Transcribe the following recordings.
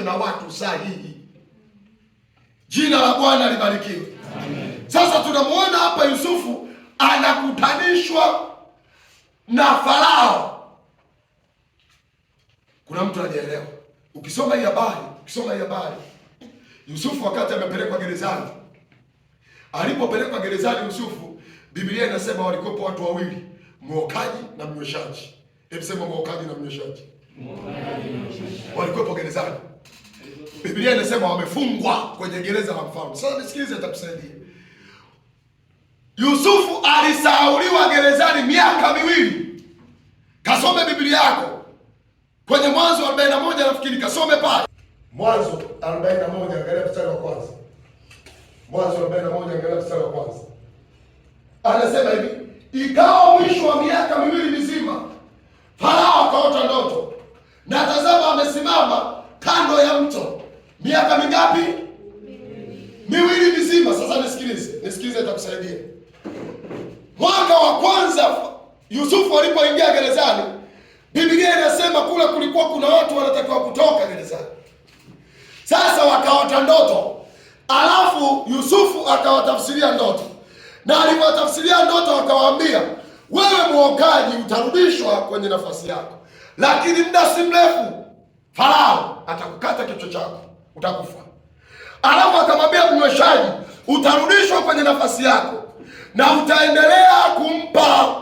tuunganishwe na watu sahihi. Jina la Bwana libarikiwe. Sasa tunamwona hapa Yusufu anakutanishwa na Farao. Kuna mtu anaelewa? Ukisoma hii habari, ukisoma hii habari, Yusufu wakati amepelekwa gerezani, alipopelekwa gerezani Yusufu, Biblia inasema walikwepo watu wawili, mwokaji na mnyweshaji. Hebu sema mwokaji na mnyweshaji, walikopo gerezani Biblia inasema wamefungwa kwenye gereza la mfalme. Sasa nisikilize, atakusaidia. Yusufu alisauliwa gerezani miaka miwili. Kasome Biblia yako kwenye Mwanzo 41, nafikiri kasome pale Mwanzo 41, angalia mstari wa kwanza. Mwanzo 41, angalia mstari wa kwanza, anasema hivi: ikawa mwisho wa miaka miwili mizima, Farao akaota ndoto, na tazama, amesimama miaka mingapi? Miwili mizima. Sasa nisikilize, nisikilize, nitakusaidia. Mwaka wa kwanza Yusufu alipoingia gerezani, Biblia inasema kule kulikuwa kuna watu wanatakiwa kutoka gerezani. Sasa wakaota ndoto, alafu Yusufu akawatafsiria ndoto, na alipowatafsiria ndoto akawaambia, wewe mwokaji, utarudishwa kwenye nafasi yako, lakini muda si mrefu Farao atakukata kichwa chako utakufa. Alafu akamwambia mnyweshaji, utarudishwa kwenye nafasi yako na utaendelea kumpa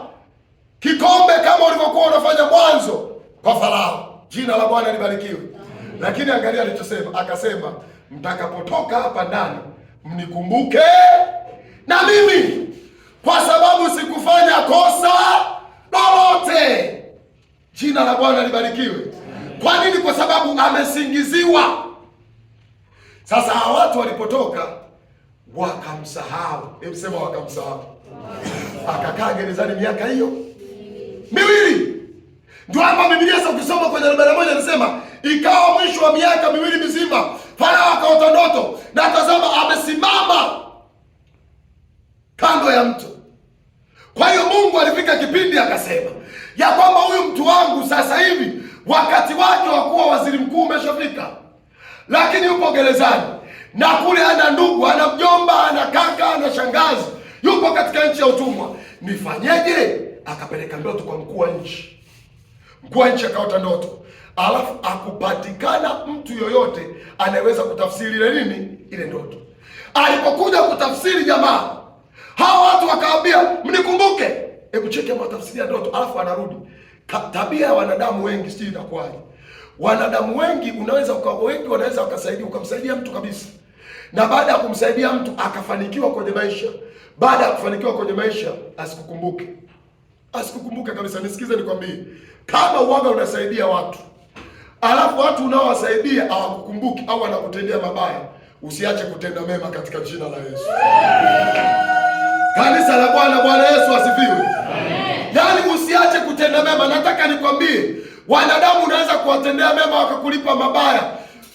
kikombe kama ulivyokuwa unafanya mwanzo kwa Farao. Jina la Bwana libarikiwe. Lakini angalia alichosema, akasema mtakapotoka hapa ndani mnikumbuke na mimi, kwa sababu sikufanya kosa lolote. Jina la Bwana libarikiwe. Kwa nini? Kwa sababu amesingiziwa sasa hawa watu walipotoka wakamsahau, hebu sema wakamsahau. Akakaa gerezani miaka hiyo miwili. Ndio hapa Biblia sasa ukisoma kwenye arobaini na moja anasema ikawa mwisho wa miaka miwili mizima, Farao akaota ndoto na akasema amesimama kando ya mto. Kwa hiyo Mungu alifika kipindi akasema ya kwamba huyu mtu wangu sasa hivi wakati wake wa kuwa waziri mkuu umeshafika lakini yupo gerezani, na kule ana ndugu, ana mjomba, ana kaka, ana shangazi, yupo katika nchi ya utumwa. Nifanyeje? Akapeleka ndoto kwa mkuu wa nchi. Mkuu wa nchi akaota ndoto, alafu akupatikana mtu yoyote anayeweza kutafsiri ile nini, ile ndoto. Alipokuja kutafsiri, jamaa hawa watu wakawambia mnikumbuke. Hebu cheki ama tafsiri ya ndoto, alafu anarudi. Tabia ya wanadamu wengi sijui inakuwaje Wanadamu wengi unaweza ukawa wengi wanaweza wakasaidia, ukamsaidia mtu kabisa, na baada ya kumsaidia mtu akafanikiwa kwenye maisha, baada ya kufanikiwa kwenye maisha asikukumbuke, asikukumbuke kabisa. Nisikize nikwambie, kama uwaga unasaidia watu alafu watu unaowasaidia hawakukumbuki au wanakutendea mabaya, usiache kutenda mema katika jina la Yesu. Kanisa la Bwana, Bwana Yesu asifiwe. Yaani usiache kutenda mema, nataka nikwambie Wanadamu unaweza kuwatendea mema wakakulipa mabaya.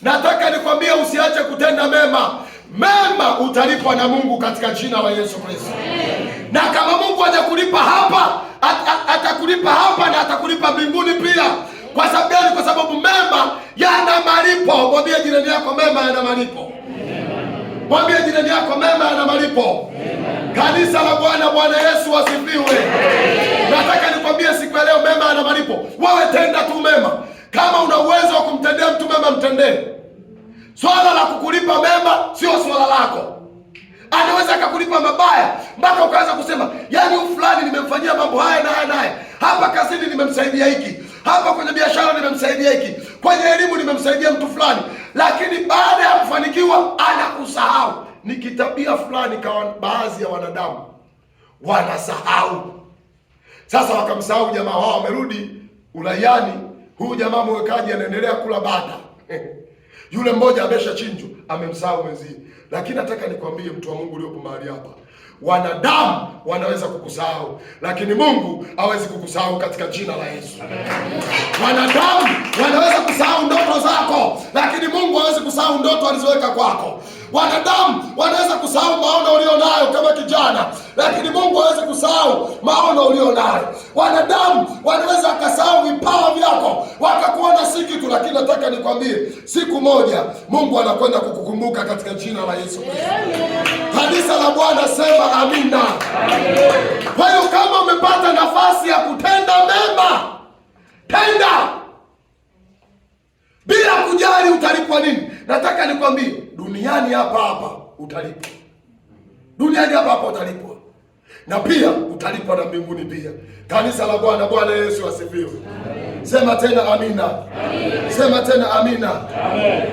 Nataka nikwambie usiache kutenda mema. Mema utalipwa na Mungu katika jina la Yesu Kristo. Na kama Mungu atakulipa hapa at, at, atakulipa hapa na atakulipa mbinguni pia. Kwa sababu gani? Kwa sababu mema yana malipo. Mwambie jirani yako mema yana malipo. Mwambie jirani yako mema yana malipo. Kanisa la Bwana, Bwana Yesu asifiwe. Nataka nikwambie siku ya leo mema yana malipo. Wewe mema mtendee. Swala la kukulipa mema sio swala lako. Anaweza akakulipa mabaya mpaka ukaanza kusema, yaani huyu fulani nimemfanyia mambo haya na haya naye, hapa kazini nimemsaidia hiki, hapa kwenye biashara nimemsaidia hiki, kwenye elimu nimemsaidia mtu fulani, lakini baada ya kufanikiwa anakusahau. Ni kitabia fulani kwa baadhi ya wanadamu, wanasahau. Sasa wakamsahau jamaa wao, wamerudi ulaiani, huyu jamaa mwekaji anaendelea kula bata Yule mmoja ameshachinjwa, amemsahau mwenzie. Lakini nataka nikwambie mtu wa Mungu uliopo mahali hapa, wanadamu wanaweza kukusahau, lakini Mungu hawezi kukusahau katika jina la Yesu. Wanadamu wanaweza kusahau ndoto zako, lakini Mungu hawezi kusahau ndoto alizoweka kwako. Wanadamu wanaweza kusahau maono ulio nayo kama kijana, lakini Mungu hawezi kusahau maono ulio nayo. Wanadamu wanaweza wakasahau vipawa vyako wakakuona si kitu, lakini nataka nikwambie siku moja Mungu anakwenda kukukumbuka katika jina la Yesu Kristo. Kanisa la Bwana sema amina. Kwa hiyo kama umepata nafasi ya kutenda mema, tenda bila kujali utalipwa nini. Nataka nikwambie duniani hapa hapa utalipwa, duniani hapa hapa utalipwa, na pia utalipwa na mbinguni pia. Kanisa la Bwana, Bwana Yesu asifiwe. Sema tena amina, amina. Sema tena amina, amina.